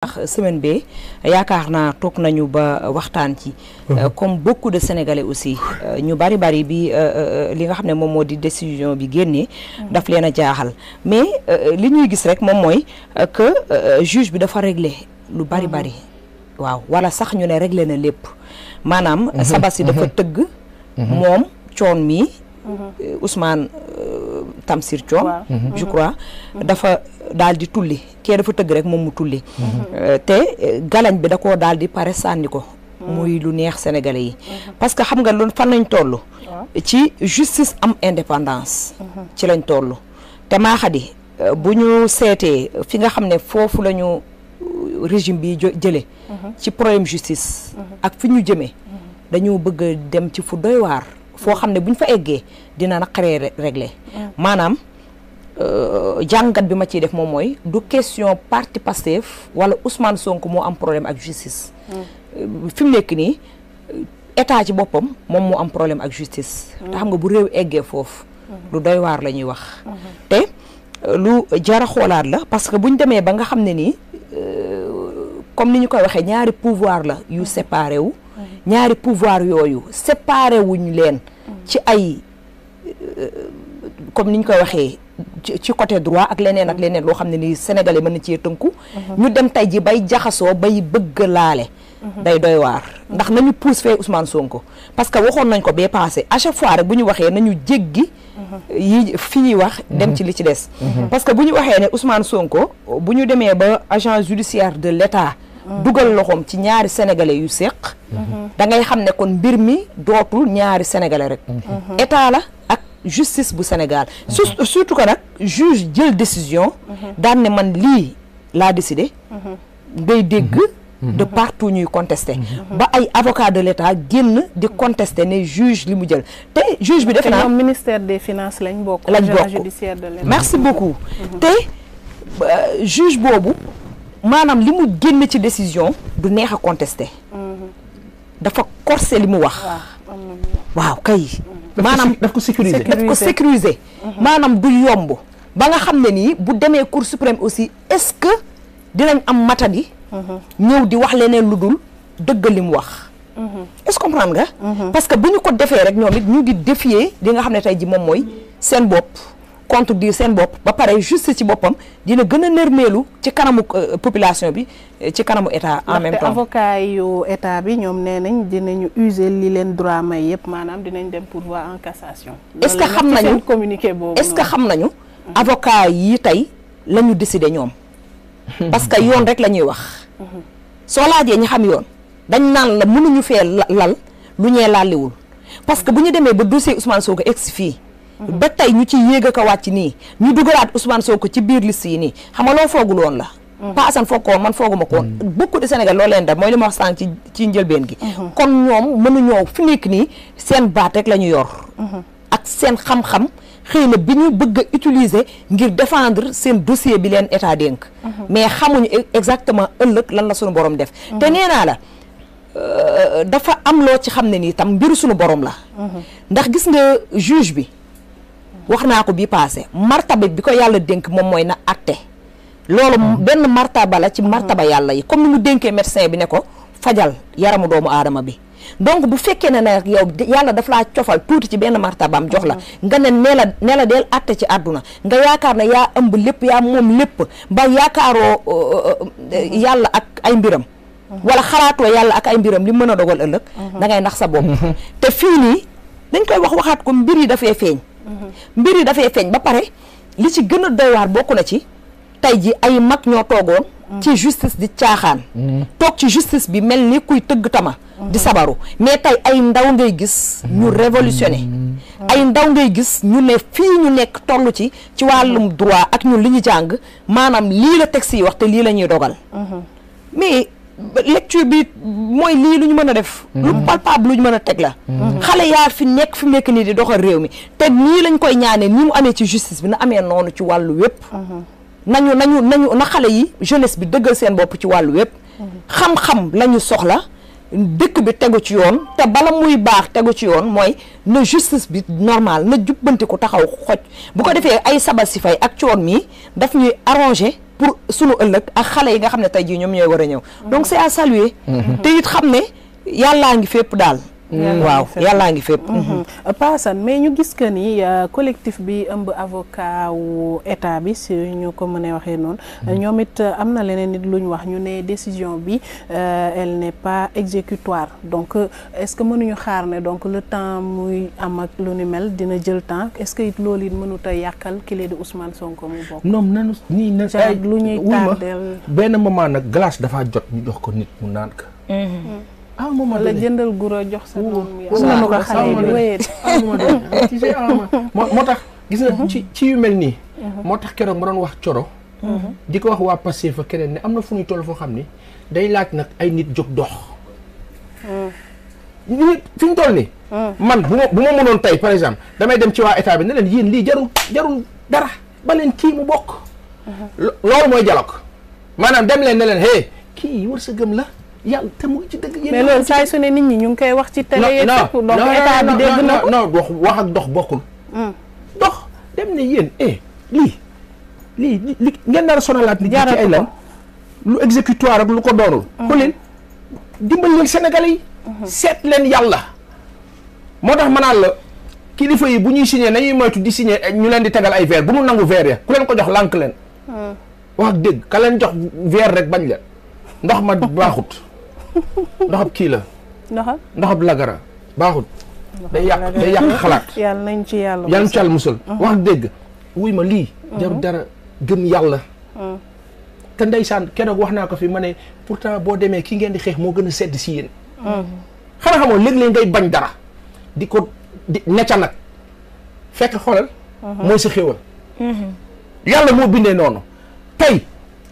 ndax semaine bi yaakaar naa toog nañu ba euh, waxtaan ci euh, comme bokk de sénégalais aussi euh, ñu bari bari bi li nga xam ne moom moo di décision bi génnee mmh. daf leen a jaaxal mais li ñuy gis rek moom mooy que juge bi dafa régler lu bari mmh. bari waaw wala sax ñu ne régler na lépp maanaam mmh. Sabasy dafa tëgg moom coon mi Ousmane Tamsir Coon je crois dafa daal di tulli kee dafa tëgg rek moom mu tulli mhm. te galañ bi da koo daal di pare sànni ko mhm. muy lu neex sénégalais yi mhm. parce que xam nga loolu fan lañu toll ci justice am indépendance ci lañ toll te maaxadi bu ñu seetee fi nga xam ne foofu la euh, régime bi jële ci problème justice ak fi ñu jëmee dañoo bëgg dem ci fu doy waar foo xam ne buñ fa eggee dina naqaree régler maanaam Euh, jàngat bi ma ciy def moom mooy du question parti Pastef wala Ousmane sonk moo am problème ak justice. Mm. fi mu nekk nii état ci boppam moom moo am problème ak justice. Mm. te xam nga bu réew eggee foofu. Mm. lu doy waar la ñuy wax. Mm-hmm. te euh, lu jara xoolaat la parce que buñ demee ba nga xam ne nii euh, comme ni ñu koy waxee ñaari pouvoir la yu mm-hmm. séparé wu. Mm-hmm. ñaari pouvoir yooyu séparé wuñ leen. ci ay comme ni ñu koy waxee. ci côté droit ak leneen ak leneen loo xam ne ni sénégalais mën na cee tënku ñu dem tey ji bay jaxasoo bay bëgg laale nday doy waar ndax nañu pousse fee Ousmane Sonko parce que waxoon nañ ko bee passé à chaque fois rek bu ñu waxee nañu jéggi yi fi ñuy wax dem ci li ci des parce que bu ñu waxee ne Ousmane Sonko bu ñu demee ba agent judiciaire de l'État dugal loxoom ci ñaari sénégalais yu seq da ngay xam ne kon mbir mi dootul ñaari sénégalais rek mhm. état la justice bu Sénégal. surtout que nag juge jël décision. daan man lii laa décidé. ngay dégg. de partout ñuy contester. ba ay avocat de l' état génn di contester ne juge li mu jël te juge bi. defe naa ñoom ministère des finances lañ bokk. lañ bokk merci beaucoup. Mhm. te juge boobu maanaam li mu génn ci décision du neex a contester. Mhm. dafa corsé li mu wax. waaw kay. Mhm. maanaam daf ko sécuriser daf ko sécuriser mhm. maanaam du yomb ba nga xam ne nii bu demee cour suprême aussi est-ce que dinañ am matadi mhm. ñëw di wax leneen lu dul dëgg mu wax mhm. est-ce que comprendre nga parce que bu ñu ko defee rek ñoom it ñu ngi défier li nga xam ne tey ji moom mooy seen bopp du seen bopp ba pare juste ci boppam dina gën a nërmeelu ci kanamu euh, population bi euh, ci kanamu état en même temps avocat yu état bi ñoom nee nañ dinañu user li leen droit may yëpp maanaam dinañ dem pourvoi en cassation est-ce que xam nañu communiqué boobu est que xam nañu mm-hmm. avocat yi tey la ñu décider ñoom parce que yoon rek la ñuy wax mm-hmm. soo laajee ñi xam yoon dañ naan la mënuñu fee lal lu ñee laalliwul parce que bu ñu demee ba dossier Ousmane Sonko ex fii ba tey ñu ci yéeg a ko wàcc nii ñu dugalaat Ousmane Sonko ci biir liste yi nii xam nga la mm. Pa foog ko woon man fooguma ko woon mm. beaucoup de Sénégal leen gi mm-hmm. kon ñoom mënuñoo fi nekk nii la ñu yor mm-hmm. ak seen xam-xam xëy na bi ñu bëgg utiliser ngir défendre seen dossier bi leen état dénk mm-hmm. mais xamuñu e-, exactement ëllëg lan la suñu borom def te nee naa la euh, dafa am loo ci xam ne nii tam mbiru suñu borom la ndax gis nga juge bi wax naa ko bi passé martaba bi ko yàlla dénk moom mooy nag atte loolu hmm. benn martaba la ci marta ba hmm. yàlla yi comme ni mu dénkee médecin bi ne ko fajal yaramu doomu aadama bi donc bu fekkee ne nag yow yàlla daf laa cofal tuuti ci benn martabaam jox la hmm. nga ne nee la nee la deel ci àdduna nga yaakaar ne yaa ëmb lépp yaa moom lépp ba yaakaaroo uh, uh, uh, yàlla ak ay mbiram wala xalaatoo yàlla ak ay mbiram li mën a dogal ëllëg da ngay nax sa bopp te fii nii dañ koy wax waxaat ko mbir yi dafee feeñ mbir yi dafay feeñ ba pare li ci gën a doy waar bokk na ci tey ji ay mag ñoo toogoon ci mm. justice di caaxaan mm. toog ci justice bi mel ni kuy tëgg tama di mm-hmm. sabaru mais tey ay ndaw ngay gis ñu mm. révolutionné ay ndaw ngay gis ñu ne fii ñu nekk toll ci ci wàllum droit ak ñun li ñu jàng maanaam lii la texte yi wax te lii la ñuy dogal mm-hmm. mais lecture bi mooy lii lu ñu mën a def mm-hmm. lu palpable lu ñu mën a teg la mm-hmm. xale yaa fi nekk fi mu nekk nii di doxal réew mi te nii lañ koy ñaanee nii mu amee ci justice bi na amee noonu ci wàllu wépp mm-hmm. nañu nañu nañu na xale yi jeunesse bi dëggal seen bopp ci wàllu wépp xam-xam lañu soxla dëkk bi tegu ci yoon te bala muy baax tegu ci yoon mooy na justice bi normal na jubbanti ko taxaw xoj bu ko defee ay saba si fay ak coon mii daf ñuy arranger pour sunu ëllëg ak xale yi nga xam ne tey jii ñoom ñooy war a ñëw donc c'est à saluer mm-hmm. te it xam ne yàllaa ngi fépp daal waaw yàllaa ngi fépp mhm. mhm. paasan mais ñu gis que ni euh, collectif bi ëmb avocat wu état bi si ñu ko mënee waxee noonu mhm. ñoom it euh, am na leneen nit lu ñu wax ñu ne décision bi euh, elle n'est pas exécutoire donc est-ce que mënuñu xaar ne donc le temps muy am ak lu ni mel dina jël temps est-ce que it loolu it mënut a yàqal kile di Ousmane Sonko mu bokk noom nii na eh, lu ñuy tardeel benn moment nag glace dafaa jot ñu jox ko nit mu naan ka à un moment donné la jëndal guro jox sa noonu. waaw waaw ko xale ah, moo tax gis nga mhm. ci ci yu mel nii. Mhm. moo tax keroog ma doon wax coro. Mhm. di ko wax waa Pastef fa keneen ni am na fu ñuy toll foo xam ni day laaj nag ay nit jóg dox. nit fi ñu toll nii. man bu ma bu ma mënoon tey par exemple damay dem ci waa état bi ne leen lii jarul jarul dara ba leen kii mu bokk. loolu mooy dialogue maanaam dem leen ne leen hey sa wërsëgam la. yàlla te mu ci dëgg yéen mais loolu nit ñi ñu ngi koy wax ci télé yeeg donc état bi dégg na ko non wax wax ak dox bokkul hmm. dox dem ne yéen eh lii lii li ngeen nar a sonalaat nit ñi ci ay lan lu exécutoire lu ko doonul hmm. ku leen dimbali leen Sénégalais yi hmm. seet leen yàlla moo tax mënaan la kilifa yi bu ñuy signé nañuy moytu di signé eh, ñu leen di tegal ay verre bu mu nangu verre ya ku leen ko jox lànk leen wax dëgg ka leen jox verre rek bañ leen ndox ma baaxut ndoxab kii la. ndoxab ndoxab lagara baaxut. day yàq day yàq xalaat. yàlla nañ ci yàlla musal yàlla nañ ci yàlla mhm. wax dëgg wuy ma lii. Mhm. jarul dara gëm yàlla. Mhm. te saan keroog wax naa ko fi ma ne pourtant boo demee ki ngeen di xeex moo gën a sedd si yéen. xanaa xamoo léeg-léeg ngay bañ dara di ko di necca nag fekk xoolal. mooy sa xéwal. yàlla moo bindee noonu tey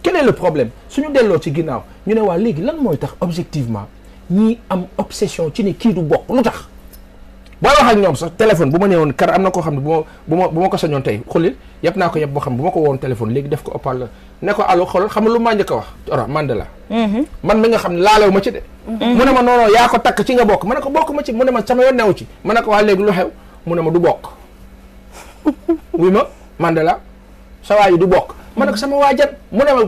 keneen est le problème suñu delloo ci ginnaaw. ñu ne waa léegi lan mooy tax objectivement ñi am obsession ci ne kii du bokk lu tax boo wax ak ñoom sax téléphone bu ma woon kar am na koo xam ne bu ma bu ma bu ma ko sañoon tey xulil yëpp naa ko yëpp boo xam ne bu ko woon téléphone léegi def ko opal ne ko allo xoolal xam nga lu maa njëkk a wax ora Mandela mm-hmm. man mi nga xam ne laalewu ma ci de mm-hmm. mu ne ma noono yaa ko takk ci nga bokk ma ne ko bokk ma ci mu ne ma sama yoon newu ci ma ne ko waa léegi lu xew mu ne ma du bokk wuy ma Mandela sa waa yi du bokk ma ne ko sama waajal mu ne ma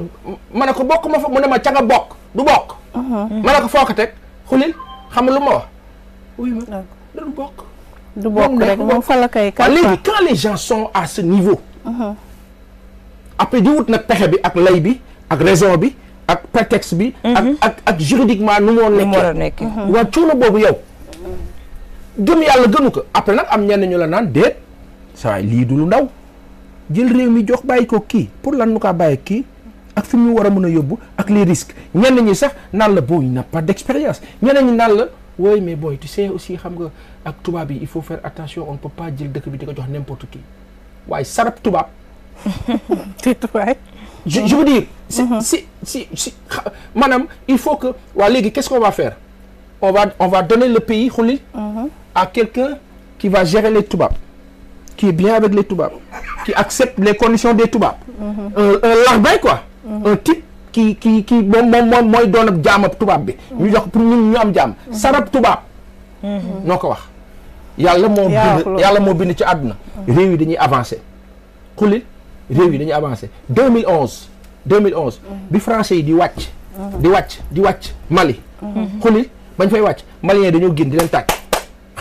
ma ne ko bokk ma fa mu ne ma ca bokk du bokk. Uh-huh. ma ne ko foo ko teg xulil lu ma wax. du bokk. du bokk rek moom fa la koy. waaw léegi quand les gens sont à ce niveau. Uh-huh. après di wut nag pexe bi ak lay bi ak raison bi ak prétexte bi. Uh-huh. ak ak ak juridiquement nu moo nekkee. waa cuuna boobu yow. gëm yàlla gënu ko après nag am ñenn ñu la naan déet saa lii du lu ndaw. jël réew mi jox bàyyi ko kii pour lan nu kaa bàyyi kii ak fi mu war a mun a yóbbu ak les risques ñenn ñu sax naan la booy n'a pas d'expérience ñeneen ñi naan la wooy mais booy tu sais aussi xam nga ak tubaab yi il faut faire attention on ne pas jël dëkk bi di ko jox n'importe qui waaye sarab tubaab. je je veux dire. si mm-hmm. si si si maanaam il faut que waa léegi qu'est-ce qu'on va faire on va on va donner le pays xulli. Mm-hmm. à quelqu'un qui va gérer les tubaab qui est tubaab. qui accepte les conditions des tubaab. Euh, un larbin quoi. un type qui qui moom mooy doon ab tubaab bi. ñu jox pour ñun ñu am jaam. sarab tubaab. noo ko wax. yàlla moo bind yàlla moo bind ci àdduna. réew yi dañuy avancé. xulil réew yi dañuy avancé 2011 2011. bi français yi di wàcc. di wàcc di wàcc Mali. Mhm. xulil bañ fay wàcc malien dañoo génn di leen tàcc.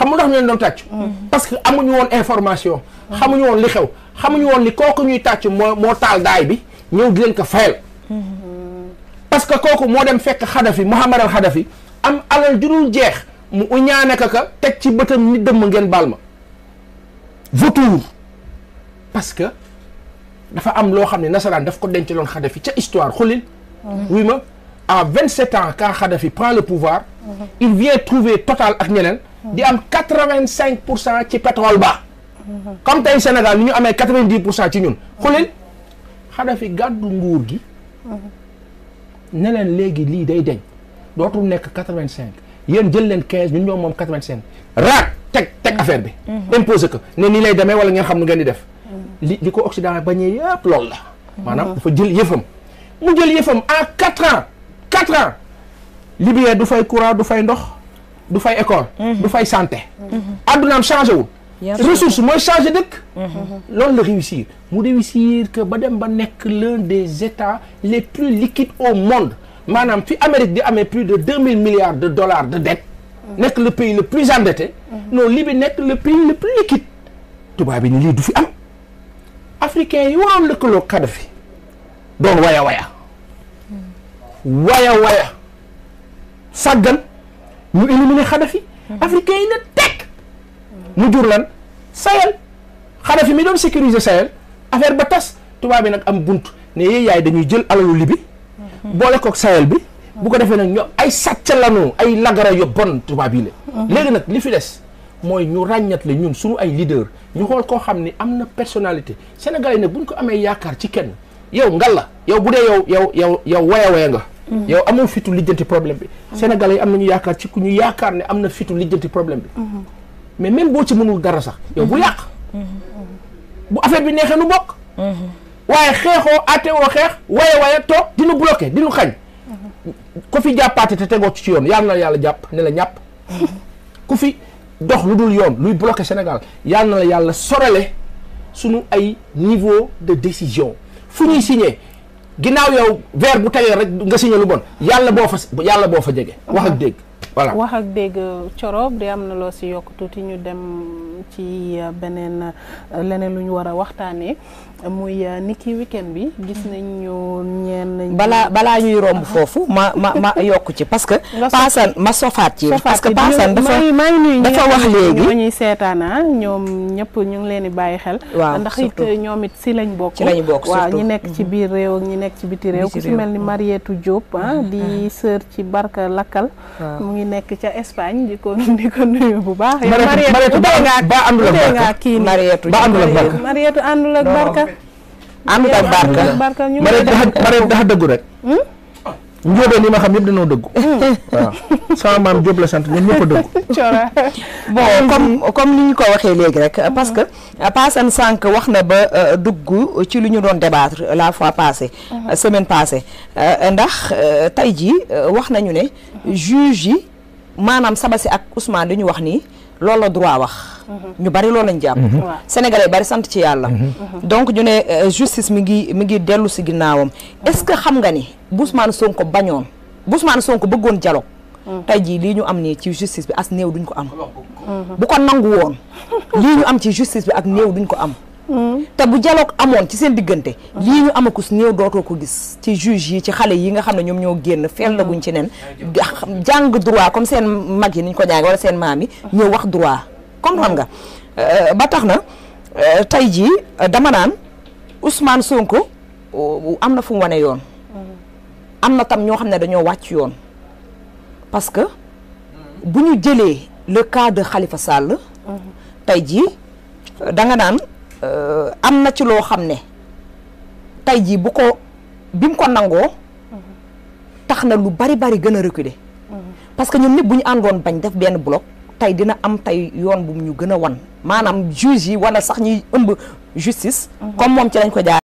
xam nga lu tax ñu leen doon tàcc. Mm. parce que amuñu woon information. Mm. xamuñu woon li xew xamuñu woon ni kooku ñuy tàcc moo moo taal daay bi ñëw di leen ko fayal. Mm-hmm. parce que kooku moo dem fekk Xadafi Muhammad al Xadafi am alal ju dul jeex mu uñaane ka ka teg ci bëtam ni dëmm ngeen baal ma. vautour parce que dafa am loo xam ne nasaraan daf ko denc loon Xadafi ca histoire xulil. wuy mm-hmm. ma à 27 ans quand Xadafi prend le pouvoir. Mm-hmm. il vient trouver Total ak ñeneen. di am quatre vingt cinq pour cent ci pétrole ba comme tey Sénégal ni ñu amee quatre vingt dix pour cent ci ñun xulil Xadafi gàddu nguur gi ne leen léegi lii day deñ dootul nekk quatre vingt yéen jël leen quinze ñun ñoom moom quatre vingt cinq raak teg teg affaire bi mhm. imposé ko ne nii lay demee wala ngeen xam nu ngeen di def mhm. li li ko Occident bañee yëpp lool la mhm. maanaam dafa jël yëfam mu jël yëfam en quatre ans quatre ans Libyen du fay courant du fay ndox du fay école. du fay santé. addunaam changé wul. ressource mooy changé dëkk. Mhm. loolu la réussir mu réussir que ba dem ba nekk l'un des états les plus liquides au monde maanaam fi Amérique di amee plus de deux mille milliards de dollars de dette. nekk le pays le plus endetté. Mhm. non lii bi nekk le pays le plus liquide. tubaab yi ni lii du fi am. africains yi waroon lëkkaloo Kadhafi doon waya waya. Mhm. waya waya sàggan. ñu éliminer Xadafi mm-hmm. africain yi ne teg mu jur lan Sahel Xadafi mi doon sécuriser Sahel affaire ba tas tubaab bi nag am bunt ne yee yaay dañuy jël alalu libi mm-hmm. boole koog Sahel bi bu ko defee nag ñoom ay sàcc ay lagara yu bon tubaab yi mm-hmm. léegi nag li fi des mooy ñu ràññat la ñun suñu ay leader ñu xool koo xam ni am na personnalité sénégalais nag ñu ko amee yaakaar ci kenn yow ngal la yow bu dee yow yow yow yow waya waya nga Mm-hmm. yow amoo fitu lijjanti problème bi. Mm-hmm. Sénégalais yi am nañu yaakaar ci ku ñu yaakaar ne am na fitu lijjanti problème bi. Mm-hmm. mais même boo ci mënul dara sax yow bu yàq. bu affaire bi neexee nu bokk. waaye xeexoo àtteewoo xeex waye waye toog di nu bloqué di nu xañ. ku fi jàppaate te tegoo ci yoon yal na yàlla jàpp ne la ñàpp. ku fi dox lu dul yoon luy bloqué Sénégal yal na la yàlla sorale sunu ay niveau de décision fu ñuy signé. ginnaaw yow weer bu tawee rek nga signé lu bon yàlla boo fa yàlla boo fa jege. wax ak dégg voilà. wax ak dégg Coro di am na loo si yokk tuuti ñu dem. ci euh, beneen euh, leneen lu ñu war a waxtaanee muy euh, ni ki bi gis nañ ñu ñeen balaa balaa ñuy romb ah. foofu ma ma ma yokk ci parce que paasan ma sofaat ci parce que paasan dafa dafa wax léegi ñoo ñuy seetaana ah, ñoom ñëpp ñu ngi leen di bàyyi xel ndax it ñoom it si lañ bokk waaw ñi nekk ci mm-hmm. biir réew ak ñi nekk ci biti réew ku si mel ni mm-hmm. Marietou Diop ah, mm-hmm. di sœur ci Barka Lakkal mu ngi nekk ca Espagne di ko nuyu bu baax Marietou ba àndul ak barka Mariétu ba àndul ak barka Mariétu àndul ak barka dafa dëggu rek hmm? njóobeen yi ma xam yëpp dañoo dëggu hmm. waaw sama maam Jóob la sant ñoom ñëpp a dëggu comme comme ni ñu ko waxee léegi rek hmm. parce que Paasan sànq wax na ba euh, duggu ci lu ñu doon débattre la fois passée semaine passée euh, ndax euh, tey jii wax nañu ne juge yi maanaam Sabasy ak lu ñu wax nii loolu la droit wax ñu bari loolu lañ jàpp mhm. sénégalais bari sant ci yàlla mhm. Mhm. donc ñu ne euh, justice mi ngi mi ngi dellu si ginnaawam est-ce que xam nga ni Ousmane Sonko bañoon Ousmane Sonko bëggoon dialogue tey jii lii ñu am nii ci justice bi as néew duñ ko am bu ko nangu woon lii ñu am ci justice bi ak néew duñ ko am te bu dialogue amoon ci seen diggante lii ñu amakus néew dootoo ko gis ci juge yi ci xale yi nga xam ne ñoom ñoo génn feel laguñ ci nen jàng droit comme seen mag yi niñ ko jàngi wala seen maam yi ñëw wax droit xam nga euh, ba tax na euh, tey jii euh, dama naan Ousmane Sonko am na fu mu wane yoon mm-hmm. am na tam ñoo xam ne dañoo wàcc yoon parce que bu ñu jëlee le cas de Khalifa Sall mm-hmm. tey jii danga naan am na ci loo xam ne tey jii bu ko bi mu ko nangoo mm-hmm. tax na lu bari bari gën a reculer parce que ñun ñëpp bu ñu àndoon bañ def benn bloc tey dina am tey yoon bu ñu gën a wan maanaam juge yi wala sax ñuy ëmb justice mhm. comme moom ci lañ ko jaar